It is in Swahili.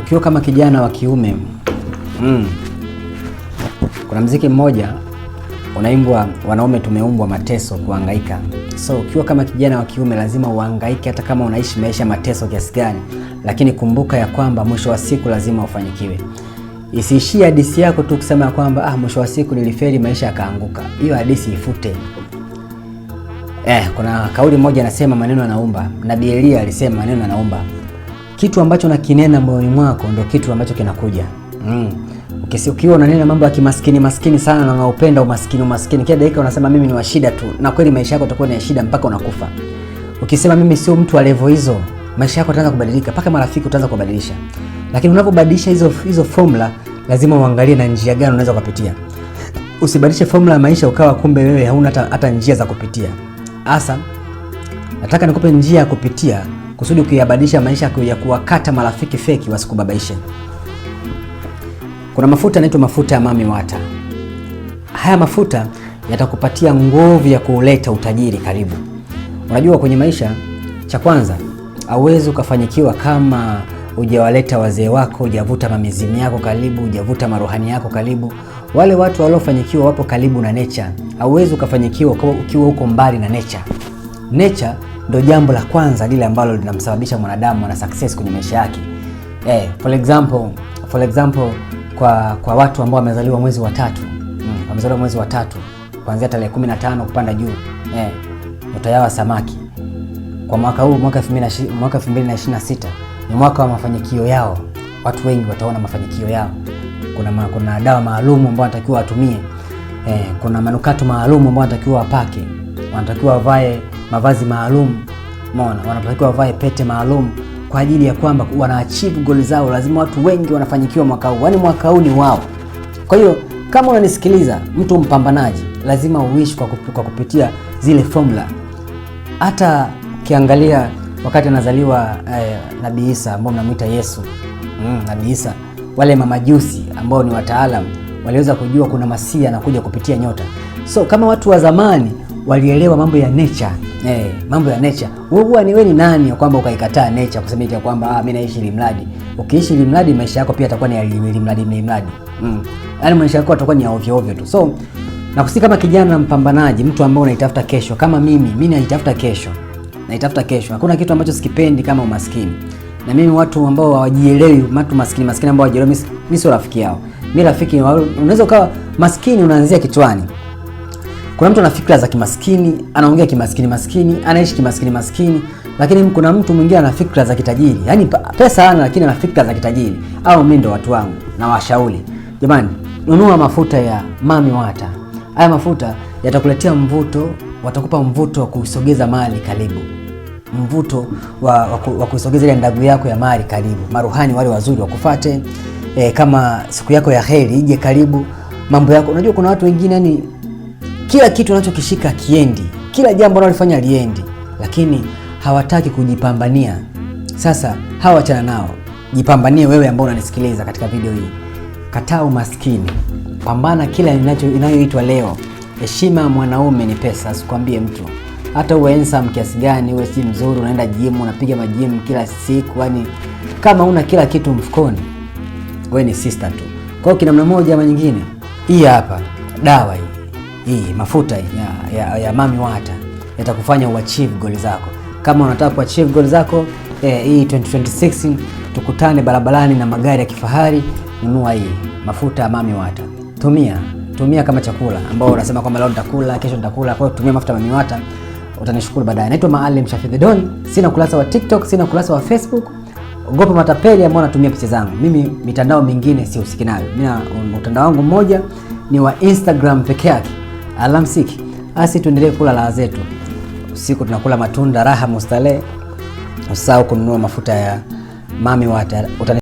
ukiwa kama kijana wa kiume mm. Kuna mziki mmoja unaimbwa, wanaume tumeumbwa mateso, kuhangaika. So ukiwa kama kijana wa kiume lazima uhangaike, hata kama unaishi maisha mateso kiasi gani, lakini kumbuka ya kwamba mwisho wa siku lazima ufanikiwe. Isiishie hadisi yako tu kusema ya kwamba ah, mwisho wa siku nilifeli, maisha yakaanguka. Hiyo hadisi ifute. Eh, kuna kauli moja anasema maneno anaumba Nabii Elia alisema maneno anaumba kitu ambacho nakinena moyoni mwako ndo kitu ambacho kinakuja mm. Ukiwa unanena mambo ya kimaskini maskini sana na unaupenda umaskini umaskini, kila dakika unasema mimi ni wa shida tu, na kweli maisha yako utakuwa ni shida mpaka unakufa. Ukisema mimi sio mtu wa levo hizo, maisha yako yataanza kubadilika, mpaka marafiki utaanza kubadilisha. Lakini unapobadilisha hizo hizo formula, lazima uangalie na njia gani unaweza kupitia. Usibadilishe formula ya maisha ukawa kumbe wewe hauna hata njia za kupitia. Hasa nataka nikupe njia ya kupitia kusudi kuyabadilisha maisha ya kuwakata marafiki feki wasikubabaishe. Kuna mafuta yanaitwa mafuta ya mami wata. Haya mafuta yatakupatia nguvu ya kuleta utajiri karibu. Unajua, kwenye maisha, cha kwanza hauwezi ukafanyikiwa kama hujawaleta wazee wako, hujavuta mamizimu yako karibu, hujavuta maruhani yako karibu. Wale watu waliofanyikiwa wapo karibu na nature. Hauwezi ukafanyikiwa ukiwa huko mbali na nature. Nature ndo jambo la kwanza lile ambalo linamsababisha mwanadamu ana success kwenye maisha yake. Eh, for example, for example kwa kwa watu ambao wamezaliwa mwezi wa tatu mm, wamezaliwa mwezi wa tatu kuanzia tarehe 15 kupanda juu eh, nyota yao samaki kwa mwaka huu mwaka 2026 ni mwaka wa mafanikio yao. Watu wengi wataona mafanikio yao. Kuna ma, kuna dawa maalumu ambao wanatakiwa watumie eh, kuna manukato maalumu ambao wanatakiwa wapake, wanatakiwa wavae mavazi maalum, umeona, wanatakiwa wavae pete maalum kwa ajili ya kwamba wanaachieve goal zao. Lazima watu wengi wanafanyikiwa mwaka huu, yaani mwaka huu ni wao. Kwa hiyo kama unanisikiliza mtu mpambanaji, lazima uishi kwa, kup, kwa kupitia zile formula. Hata ukiangalia wakati anazaliwa eh, Nabii Isa ambao mnamwita Yesu mm, Nabii Isa, wale mamajusi ambao ni wataalam waliweza kujua kuna masia anakuja kupitia nyota. So kama watu wa zamani walielewa mambo ya nature Eh, mambo ya nature. Wewe huwa ni wewe ni nani ya kwamba ukaikataa nature kusema eti kwamba ah, mimi naishi ili mradi. Ukiishi ili mradi maisha yako pia yatakuwa ni ili mradi ili mradi. Mm. Yaani maisha yako yatakuwa ni ya ovyo ovyo tu. So na nakusi kama kijana mpambanaji, mtu ambaye unaitafuta kesho kama mimi, mimi naitafuta kesho. Naitafuta kesho. Hakuna kitu ambacho sikipendi kama umaskini. Na mimi watu ambao hawajielewi, watu maskini maskini ambao hawajielewi, mimi sio rafiki yao. Mimi rafiki, unaweza ukawa maskini unaanzia kichwani. Kuna mtu ana fikra za kimaskini, anaongea kimaskini maskini, anaishi kimaskini maskini, lakini kuna mtu mwingine ana fikra za kitajiri, yaani pesa hana, lakini ana fikra za kitajiri. Au mimi ndo watu wangu na washauri, jamani, nunua mafuta ya Mami Wata. Haya mafuta yatakuletea mvuto, watakupa mvuto wa kusogeza mali karibu, mvuto wa, wa kusogeza ile ndagu yako ya mali karibu. Maruhani wale wazuri wakufate. E, kama siku yako ya heri ije karibu, mambo yako. Unajua kuna watu wengine yani kila kitu anachokishika kiendi, kila jambo analofanya liendi, lakini hawataki kujipambania. Sasa hawa wachana nao, jipambanie wewe ambao unanisikiliza katika video hii. Kataa umaskini, pambana kila inayoitwa leo. Heshima ya mwanaume ni pesa, sikwambie mtu hata uwe ensam kiasi gani, uwe si mzuri, unaenda gym, unapiga majimu kila siku, yani kama una kila kitu mfukoni, wewe ni sister tu. Kwa hiyo kinamna moja ama nyingine, hii hapa dawa hii hii mafuta hii ya, ya, ya mami wata yatakufanya uachieve goal zako. Kama unataka kuachieve goal zako eh, hii 2026 tukutane barabarani na magari ya kifahari, nunua hii mafuta ya mami wata, tumia tumia kama chakula, ambao unasema kwamba leo nitakula, kesho nitakula. Kwa hiyo tumia mafuta ya mami wata, utanishukuru baadaye. Naitwa Maalim Shafii Don, sina ukurasa wa TikTok, sina ukurasa wa Facebook. Ogopa matapeli ambao natumia picha zangu. Mimi mitandao mingine sihusiki nayo. Mimi na mtandao wangu mmoja ni wa Instagram peke yake. Alamsiki asi, tuendelee kula raha zetu. Usiku tunakula matunda, raha mustalehe Usahau kununua mafuta ya mami wata